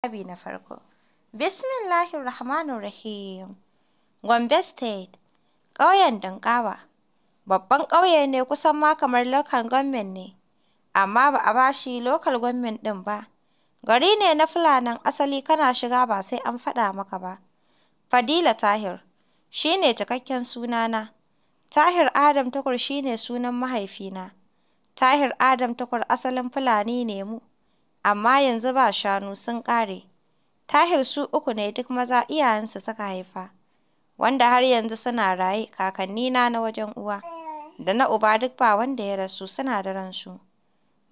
babi na farko. Bismillahir Rahmanir Rahim. Gombe State, ƙauyen Dankawa. Babban ƙauye ne kusan ma kamar local government ne, amma ba a bashi local government ɗin ba. Gari ne na Fulanin asali kana shiga ba sai an faɗa maka ba. Fadila Tahir, shi ne cikakken sunana. Tahir Adam Tukur shi ne sunan mahaifina. Tahir Adam Tukur asalin Fulani ne mu. Amma yanzu ba shanu, sun ƙare. Tahir su uku ne duk maza iyayensu suka haifa, wanda har yanzu suna raye, kakannina na wajen uwa, da na uba duk ba wanda ya rasu, suna da ransu.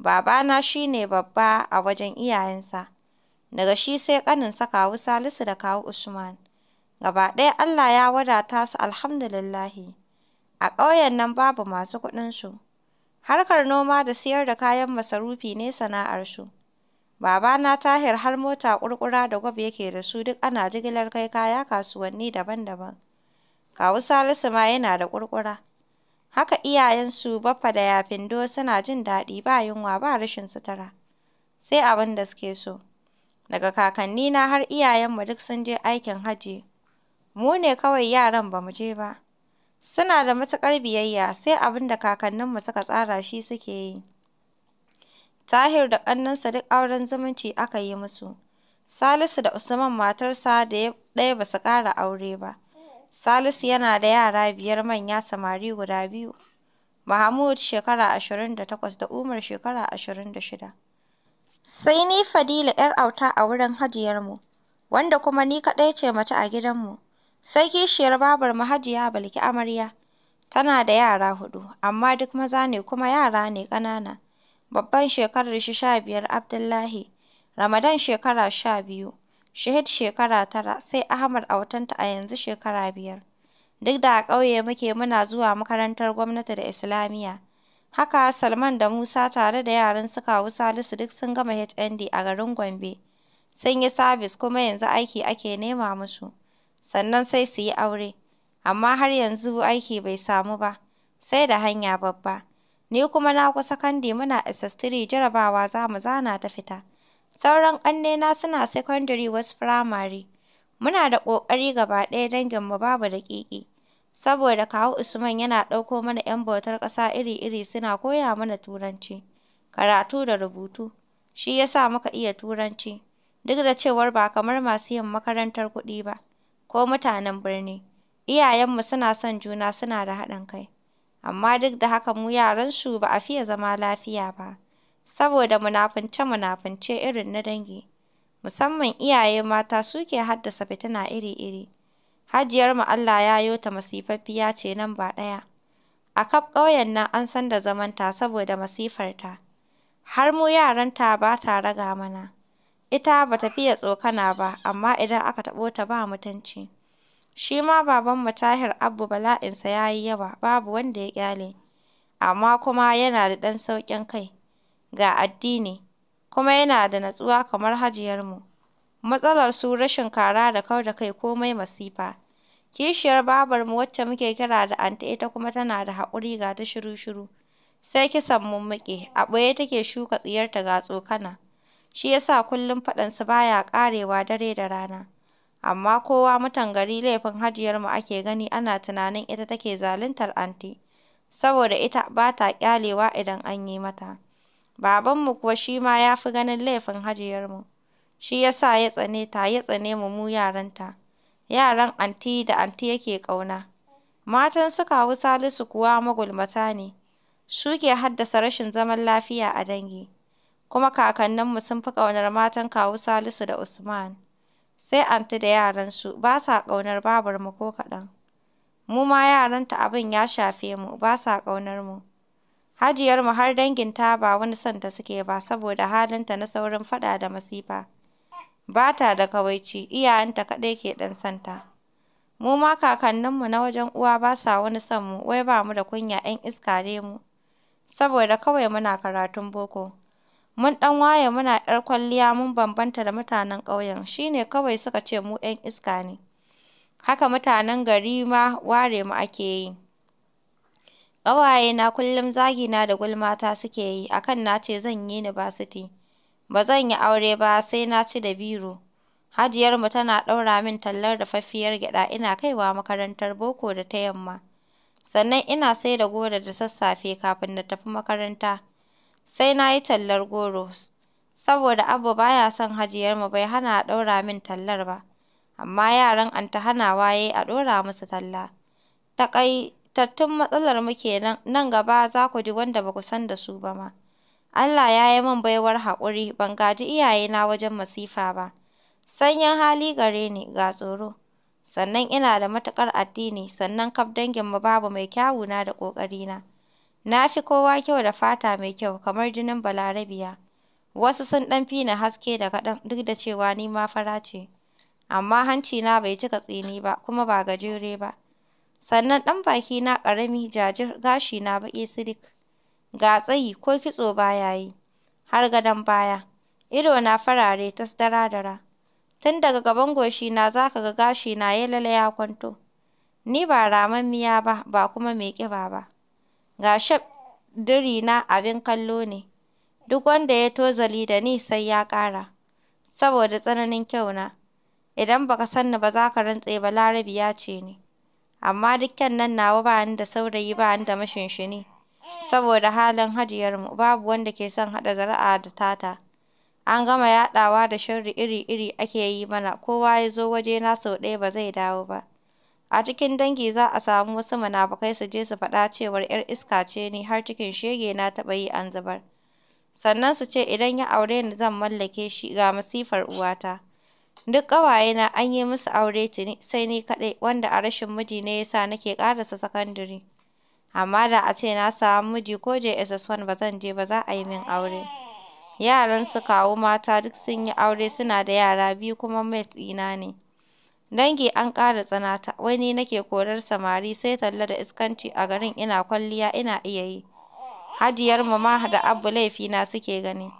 Babana shi ne babba a wajen iyayensa, daga shi sai ƙaninsa kawu Salisu da kawu Usman. Gaba ɗaya Allah ya wadata su alhamdulillahi. A ƙauyen nan babu masu kuɗinsu. Harkar noma da siyar da kayan masarufi ne sana'arsu. Babana Tahir har mota ƙurƙura da gwab yake da su duk ana jigilar kai kaya kasuwanni daban-daban. Kawu Salisu ma yana da ƙurƙura. Haka iyayensu Baffa da Yafindo suna jin daɗi ba yunwa ba rashin sutura. Sai abin da suke so. Daga kakanni na har iyayenmu duk sun je aikin hajji. Mu ne kawai yaran ba mu je ba. Suna da matuƙar biyayya sai abin da kakanninmu suka tsara shi suke yi. Tahir da ƙannensa duk auren zumunci aka yi musu. Salisu da Usman matarsa da ɗaya ba su ƙara aure ba. Salisu yana da yara biyar manya samari guda biyu. Mahmud shekara 28 da Umar shekara 26. Sai ni Fadila 'yar auta a wurin hajiyarmu, wanda kuma ni kaɗai ce mace a gidanmu. Sai kishiyar babar mahajiya Balki amarya. Tana da yara hudu, amma duk maza ne kuma yara ne ƙanana. Babban shekarar shi sha biyar Abdullahi Ramadan shekara sha biyu, Shahid shekara tara, sai Ahmad a watanta a yanzu shekara biyar. Duk da a ƙauye muke muna zuwa makarantar gwamnati da Islamiyya. Haka Salman da Musa tare da yaran su kawu Salisu duk sun gama HND a garin Gombe. Sun yi sabis kuma yanzu aiki ake nema musu. Sannan sai su yi aure. Amma har yanzu aiki bai samu ba. Sai da hanya babba. Ni kuma na kusa Kandi muna SS3 jarabawa za mu zana ta fita. Sauran ƙannena suna sakandare wasu firamare. Muna da ƙoƙari gaba ɗaya danginmu babu da daƙiƙi. Saboda kawu Usman yana ɗauko mana 'yan bautar ƙasa iri-iri suna koya mana Turanci, karatu da rubutu. Shi ya sa muka iya Turanci, duk da cewar ba kamar masu yin makarantar kuɗi ba, ko mutanen birni. Iyayenmu suna son juna suna da haɗin kai. amma duk da haka mu yaran su ba a fiye zama lafiya ba, saboda munafunce-munafunce irin na dangi, musamman iyaye mata suke haddasa fitina iri-iri. hajiyar mu Allah ya yo ta masifaffiya ce nan ba ɗaya. A kaf ƙauyen nan an san da zamanta saboda masifarta, har mu yaranta ba ta raga mana. Ita ba ta fiye tsokana ba, amma idan aka taɓo ta ba mutunci. Shi ma babanmu Tahir Abu bala'insa ya yi yawa, babu wanda ya ƙyale, amma kuma yana da ɗan sauƙin kai, ga addini, kuma yana da natsuwa kamar Hajiyarmu. su rashin kara da kau da kai komai masifa. Kishiyar babarmu wacce muke kira da anti ita kuma tana da haƙuri ga ta shiru-shiru, sai kisan muƙe a ɓoye take shuka tsiyarta ga tsokana, shi yasa kullum faɗansu ba ya ƙarewa dare da rana. Amma kowa mutan gari laifin Hajiyarmu ake gani ana tunanin ita take zaluntar anti. saboda ita ba ta ƙyalewa idan an yi mata. Babanmu kuwa shi ma ya fi ganin laifin Hajiyarmu, shi ya sa ya tsane ta ya tsane mu mu yaranta, yaran anti da anti yake ƙauna. Matan su kawu Salisu kuwa magulmata ne, su ke haddasa rashin zaman lafiya a dangi, kuma kakanninmu sun fi ƙaunar matan kawu Salisu da Usman. sai anti da yaransu ba sa ƙaunar babarmu ko kaɗan. Mu ma yaranta abin ya shafe mu, ba sa ƙaunar mu. Hajiyar mu har danginta ba wani son ta suke ba saboda halinta na saurin faɗa da masifa. Ba ta da kawaici, iyayenta kaɗai ke ɗan santa. Mu ma kakanninmu na wajen uwa ba sa wani son mu, wai ba mu da kunya 'yan iska ne mu, saboda kawai muna karatun boko. Mun ɗan waye muna ƴar kwalliya mun bambanta da mutanen ƙauyen, shi ne kawai suka ce mu 'yan iska ne, haka mutanen gari ma ware mu ake yi. Ƙawayena kullum zagi na da gulmata suke yi a kan na ce zan yi ni ba zan yi aure ba sai na ci da biro. Hajiyar mu tana ɗaura min tallar da dafaffiyar gyaɗa ina kaiwa makarantar boko da ta yamma, sannan ina sai da goro da sassafe kafin na tafi makaranta. sai na yi tallar goro, saboda abu ba ya son Hajiyarmu bai hana a ɗaura min tallar ba, amma yaran an hanawa ya yi a ɗora musu talla. Taƙaitattun matsalarmu ke nan, nan gaba za ku ji wanda ba ku san da su ba ma. Allah ya yi min baiwar haƙuri, ban gaji iyayena wajen masifa ba. Sanyin hali gare ni ga tsoro, sannan ina da matuƙar addini, sannan kaf danginmu babu mai kyawuna da ƙoƙarina. Na fi kowa kyau da fata mai kyau kamar jinin Balarabiya, wasu sun ɗan fi ni haske da kaɗan duk da cewa ni ma fara ce, amma hanci na bai cika tsini ba kuma ba gajere ba, sannan ɗan baki na ƙarami jajir gashi na baƙi silik, ga tsayi ko kitso ba ya yi, har gadon baya, Ido na farare ta dara-dara, tun daga gaban goshina za ka ga na, ya lala ya kwanto, ni ba ramammiya ba, ba kuma mai ƙiba ba. Ga diri na abin kallo ne, duk wanda ya tozali da ni sai ya ƙara, saboda tsananin kyau na, idan baka san ni ba za ka rantse ba, ya ce ni, amma dukkan nan nawa ba da saurayi ba da mashinshini, saboda halin Hajiyarmu babu wanda ke son haɗa zara'a da tata. An gama yaɗawa da shirri iri-iri ake yi mana, kowa ya zo na sau ɗaya ba zai dawo ba. A cikin dangi za a samu wasu munafukai su je su faɗa cewar 'yar iska ce ni har cikin shege na taɓa yi an zubar. Sannan su ce idan ya aure ni zan mallake shi ga masifar uwata. Duk ƙawaye na an yi musu aure tuni sai ni kaɗai wanda a rashin miji ne ya sa nake ƙarasa sakandare. Amma da a ce na samu miji ko JSS1 ba zan je ba za a yi min aure. Yaran su kawo mata duk sun yi aure suna da yara biyu kuma mai ɗina ne. Dangi an ƙara tsanata, wai ni nake korar samari sai talla da iskanci a garin ina kwalliya ina iya yi, hajiyar mu ma da laifi laifina suke gani,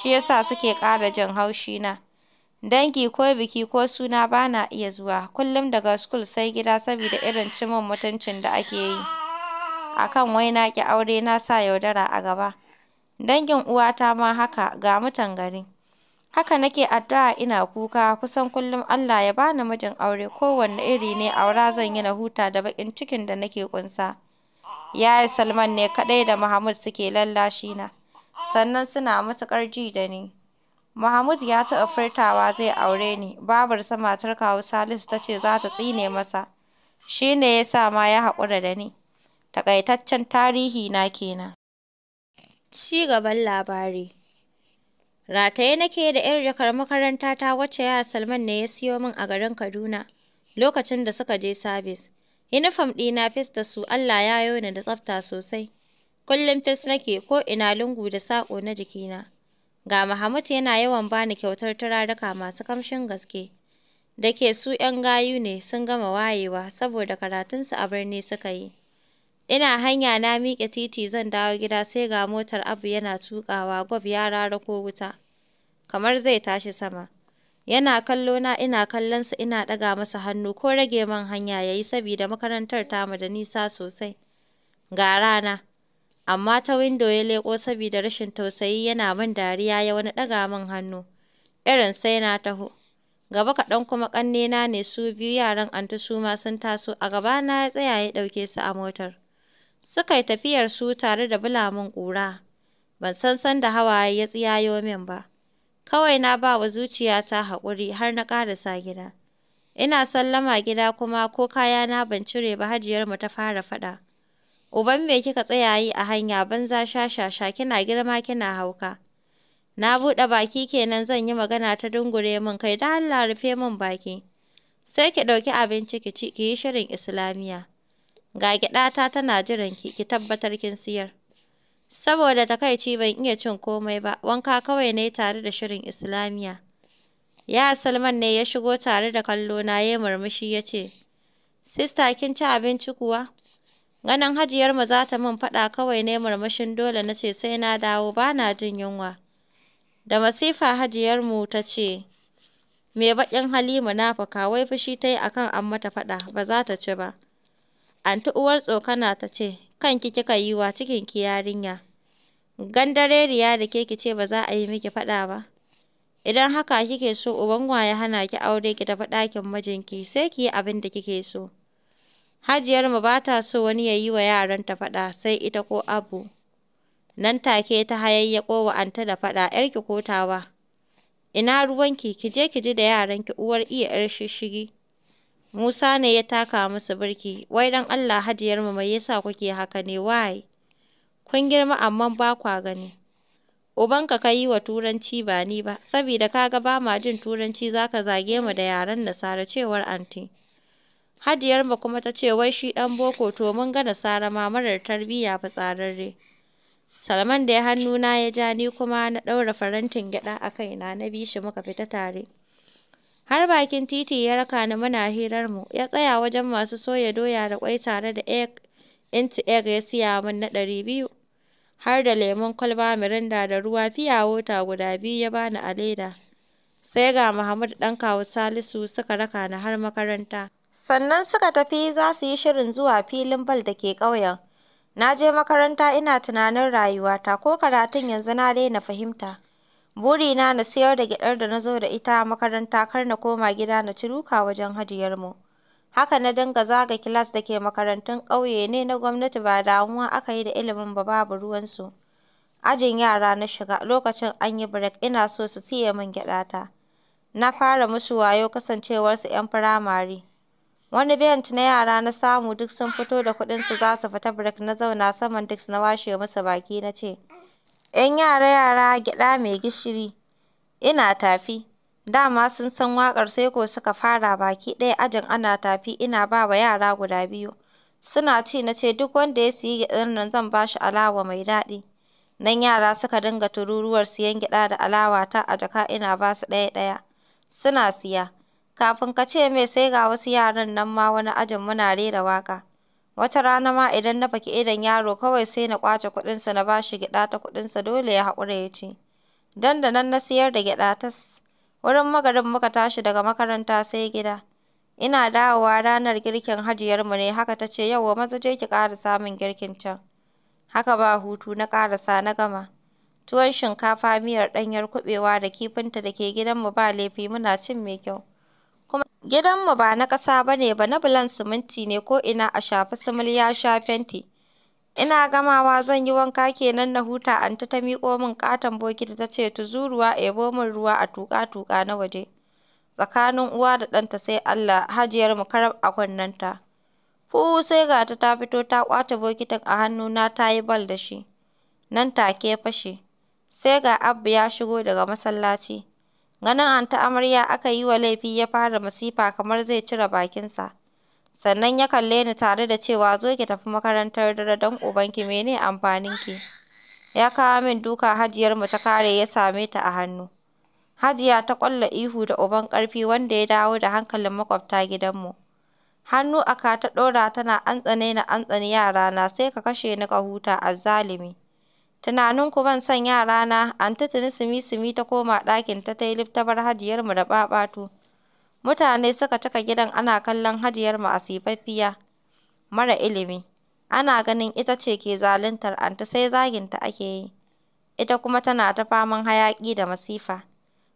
shi yasa suke ƙara jin haushi na. Dangi ko biki ko suna ba na iya zuwa, kullum daga school sai gida saboda irin cimin mutuncin da ake yi, a kan wai na ƙi aure na sa yaudara a gaba. Dangin uwata ma haka, ga mutan gari. Haka nake addu'a ina kuka, kusan kullum Allah ya bani mijin aure, kowanne iri ne aura zan yi na huta da baƙin cikin da nake ƙunsa. Yaya Salman ne kaɗai da Mahmud suke lallashi na. sannan suna matukar ji da ni. Mahmud ya taɓa furtawa zai aure ni, babarsa matar kawu Salisu ta ce za ta tsine masa. Shi ne ya sa ma ya haƙura da ni. Taƙaitaccen tarihi na kenan. Ci gaban labari. Rataye nake da 'yar jakar makarantata wacce ya Salman ne ya siyo min a garin Kaduna lokacin da suka je sabis. Yunifom ɗina fes da su Allah ya yo ni da tsafta sosai. Kullum fes nake ko ina lungu da saƙo na jikina. Ga Mahamud yana yawan bani kyautar turaruka masu kamshin gaske. Da ke su ‘yan gayu ne sun gama wayewa saboda karatunsu a birni suka yi. Ina hanya na miƙe titi zan dawo gida sai ga motar Abu yana tukawa, gwab ya rarako wuta, kamar zai tashi sama. Yana kallo na ina kallonsa ina ɗaga masa hannu ko rage man hanya ya yi sabida makarantar tamu da nisa sosai. Ga rana, amma ta windo ya leƙo saboda rashin tausayi yana min dariya ya wani ɗaga man hannu, irin sai na taho. Gaba kaɗan kuma ƙannena ne su biyu yaran anti su ma sun taso a gabana ya tsaya ya ɗauke su a motar. Suka yi su tare da bulamin ƙura. Ban san sanda hawaye ya tsiyayo min ba. Kawai na ba wa zuciyata haƙuri har na ƙarasa gida. Ina sallama gida kuma ko kayana ban cire ba hajiyarmu ta fara faɗa. Uban me kika tsaya yi a hanya banza shashasha kina girma kina hauka. Na buɗe baki kenan zan yi magana ta dungure min kai da Allah rufe min baki. Sai ki ɗauki abinci ki ci ki yi shirin Islamiyya. Ga ta tana jiran ki, ki tabbatar kin siyar. Saboda takaici ban iya cin komai ba, wanka kawai ne tare da shirin Islamiyya. Ya Salman ne ya shigo tare da kallo na ya murmushi ya ce, Sista kin ci abinci kuwa? Ganin hajiyarmu za ta min faɗa kawai ne murmushin dole na ce sai na dawo ba na jin yunwa. Da masifa hajiyarmu ta ce, Me baƙin hali munafuka wai fushi ta yi akan an mata faɗa ba za ta ci ba. Anti uwar tsokana ta ce, kanki kika yi wa cikinki yarinya, gandareriya da ke kice ba za a yi miki faɗa ba. Idan haka kike so uban ya hana ki aure ki tafi ɗakin mijinki sai ki yi abin da kike so. Hajiyarmu ba ta so wani ya yi wa yaranta faɗa sai ita ko Abu. Nan take ta hayayyako wa anta da faɗa ‘yarki ko tawa. Ina ruwanki ki kije ki ji da yaranki uwar iya ‘yar shishigi. Musa ne ya taka musu birki, wai don Allah hajiyarmu mai yasa kuke haka ne wai? Kun girma amma ba kwa gani. Ubanka ka yi wa Turanci ba ni ba, saboda ka ga ba ma jin Turanci za ka zage mu da yaren Nasara cewar anti. mu kuma ta ce wai shi ɗan boko to mun ga Nasara ma marar tarbiyya fitsararre. Salman da ya hannu na ya ja ni kuma na ɗaura farantin gyaɗa a kaina na bi shi muka fita tare. Har bakin titi ya raka ni muna mu ya tsaya wajen masu soya doya da kwai tare da egg into egg ya siya mun na ɗari biyu. Har da lemon kwalba mirinda da ruwa fiya fiyawota guda biyu ya bani a leda. Sai ga Muhammad ɗan kawu Salisu suka raka ni har makaranta. Sannan suka tafi za su yi shirin zuwa filin bal da ke ƙauyen. Na je makaranta ina tunanin rayuwata ko karatun yanzu na daina fahimta. Burina na siyar da gyaɗar da na zo da ita a makaranta kar na koma gida na ci duka wajen mu. Haka na dinga zaga kilas da ke makarantun ƙauye ne na gwamnati ba damuwa aka yi da ilimin ba babu ruwansu. Ajin yara na shiga, lokacin an yi birek ina so su siya min gyaɗata. Na fara musu wayo kasancewarsu 'yan firamare. Wani bench na yara na samu duk sun fito da kuɗinsu za su fita birek na zauna saman disk na washe musu baki na ce 'Yan yara-yara gyaɗa mai gishiri, ina tafi, Dama sun san waƙar sai ko suka fara baki ɗaya ajin ana tafi ina ba wa yara guda biyu, suna ci na ce duk wanda ya siyi gyaɗan nan zan ba shi alawa mai daɗi, nan yara suka dinga tururuwar siyan gyaɗa da alawata a jaka ina ba su ɗaya-ɗaya, suna siya, kafin ka ce mai sai ga wasu yaran nan ma wani ajin muna rera waƙa. Wata rana ma idan na faki idon yaro kawai sai na ƙwace kuɗinsa na ba shi gyaɗa ta kuɗinsa dole ya haƙura ya ci. dan da nan na siyar da gyaɗa tas. Wurin magarin muka tashi daga makaranta sai gida. Ina dawowa ranar girkin hajiyarmu ne haka ta ce yauwa maza je ki ƙara samun girkin can. Haka ba hutu na ƙarasa na gama. Tuwon shinkafa miyar ɗanyar kuɓewa da kifinta da ke gidanmu ba laifi muna cin mai kyau. Kuma gidanmu ba na ƙasa ba ne ba, na bulan siminti ne ko ina a shafi sumul ya sha fenti. Ina gamawa zan yi wanka kenan na huta an ta ta miƙo min katon bokiti ta ce tuzuruwa ebo min ruwa a tuƙa-tuƙa na waje. Tsakanin uwa da ɗanta sai Allah, hajiyarmu karab a kunnenta. Fu sai ga ta ta fito ta kwace bokitin a hannuna ta yi bal da shi. Nan take fashe. Sai ga Abba ya shigo daga masallaci. Ganin antin amarya aka yi wa laifi ya fara masifa kamar zai cire bakinsa, sannan ya kalle ni tare da cewa zo ki tafi makarantar dare don ubanki mene ki?" Ya kawo min duka Hajiyarmu ta kare ya same ta a hannu. Hajiya ta ƙwalla ihu da uban ƙarfi wanda ya dawo da hankalin maƙwabta gidanmu. Hannu a ka ta ɗora tana antsane na antsane yara na yarana sai ka kashe ni ka huta azzalumi. Tunanin ku ban san yarana, anti tuni sumi ta koma ɗakinta ta yi lif Hajiyarmu da ɓaɓatu. Mutane suka cika gidan ana kallon Hajiyarmu a sifaffiya, mara ilimi. Ana ganin ita ce ke zaluntar anti sai zaginta ake yi. Ita kuma tana ta faman hayaƙi da masifa.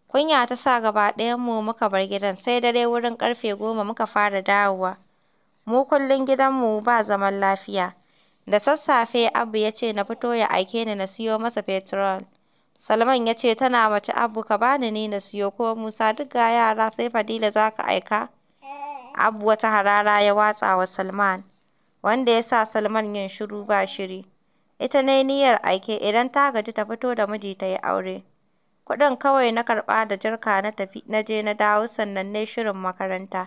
Kunya ta sa gaba ɗayanmu muka bar gidan sai dare wurin ƙarfe goma muka fara dawowa. Mu kullum gidanmu ba zaman lafiya. Da sassafe Abu ya ce na fito ya aike ni na siyo masa petrol. Salman ya ce tana mace Abu ka bani ni na siyo ko Musa duk ga yara sai Fadila za ka aika. Abu wata harara ya watsa wa Salman wanda ya sa Salman yin shiru ba shiri. Ita ne niyyar aike idan ta gaji ta fito da miji ta yi aure. Kuɗin kawai na karɓa da jarka na tafi na je na dawo sannan ne shirin makaranta.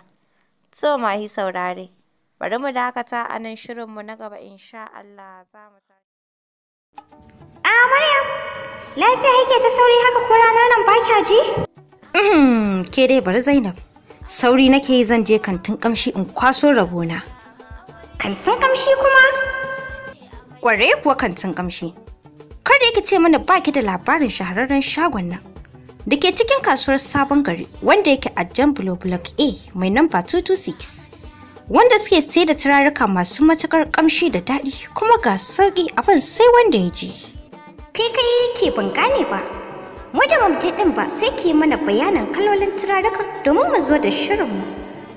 So mahi saurare. Bari mu dakata a nan shirinmu na gaba insha Allah za mu A Maryam, lafiya yake ta sauri haka ko ranar nan ba kya ji? Uhm, ke dai bari Zainab. Sauri nake yi zan je kantin kamshi in kwaso rabona. Kantin kamshi kuma? Kware kuwa kantin kamshi. Kar da yake ce mana baki da labarin shahararren shagon nan. Da ke cikin kasuwar sabon gari wanda yake a Jan Block A mai namba 226. wanda suke sai da turaruka masu matukar kamshi da daɗi kuma ga sauƙi abin sai wanda ya je. Kai kai ke ban gane ba, wadda mamje ɗin ba sai ke mana bayanan kalolin turarukan domin mu zo da shirinmu.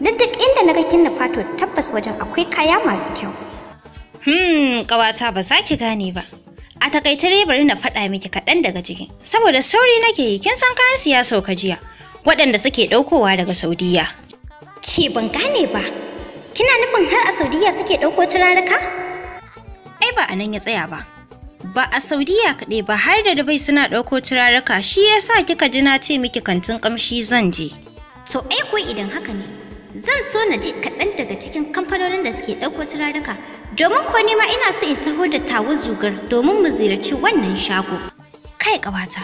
Don duk inda na ga kinna fato tabbas wajen akwai kaya masu kyau. Hmm, ƙawata ba za ki gane ba. A takaice dai bari na faɗa miki kaɗan daga cikin, saboda sauri nake yi kin san kayan sauka jiya, waɗanda suke ɗaukowa daga Saudiya. Ke ban gane ba, Kina nufin har a Saudiya suke ɗauko turaruka? Ai ba a nan ya tsaya ba. Ba a Saudiya kaɗai ba har da Dubai suna ɗauko turaruka shi ya sa kika ji na ce miki kantin ƙamshi zan je. To ai ko idan haka ne, zan so na ji kaɗan daga cikin kamfanonin da suke ɗauko turaruka domin ko nema ina so in taho da tawo zugar domin mu ziyarci wannan shago. Kai ƙawata,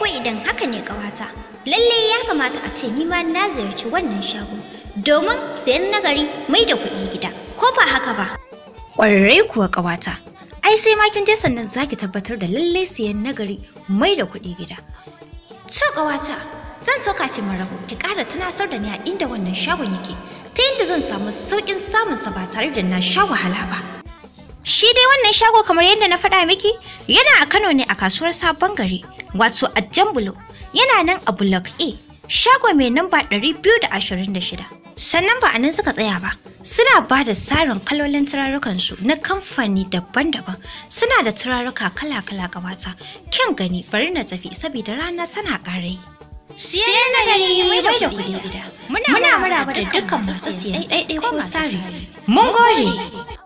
ko idan haka ne ƙawata lalle ya kamata a ce ni ma na ziyarci wannan shago domin sayan nagari mai da kuɗi gida ko ba haka ba Ƙwarai kuwa ƙawata ai sai ma kin je sannan zaki tabbatar da lalle sayan nagari mai da kuɗi gida to ƙawata zan so kafin mu rabu ki ƙara tunasar da ni a inda wannan shagon yake ta yadda zan samu sauƙin sa ba tare da na sha wahala ba. Shi dai wannan shago kamar yadda na faɗa miki yana a Kano ne a kasuwar sabon gari wato a Jambulo yana nan a Block A, shago mai namba 226. Sannan ba a nan suka tsaya ba, suna ba da tsarin kalolin turarukansu na kamfani daban-daban suna da turaruka kala-kala gabata. Kyan gani bari na tafi saboda rana tana ƙarai. Siyan na gari mai da kuɗi gida. Muna muraba da dukkan masu siyan ɗaiɗai ko masari. Mun gore!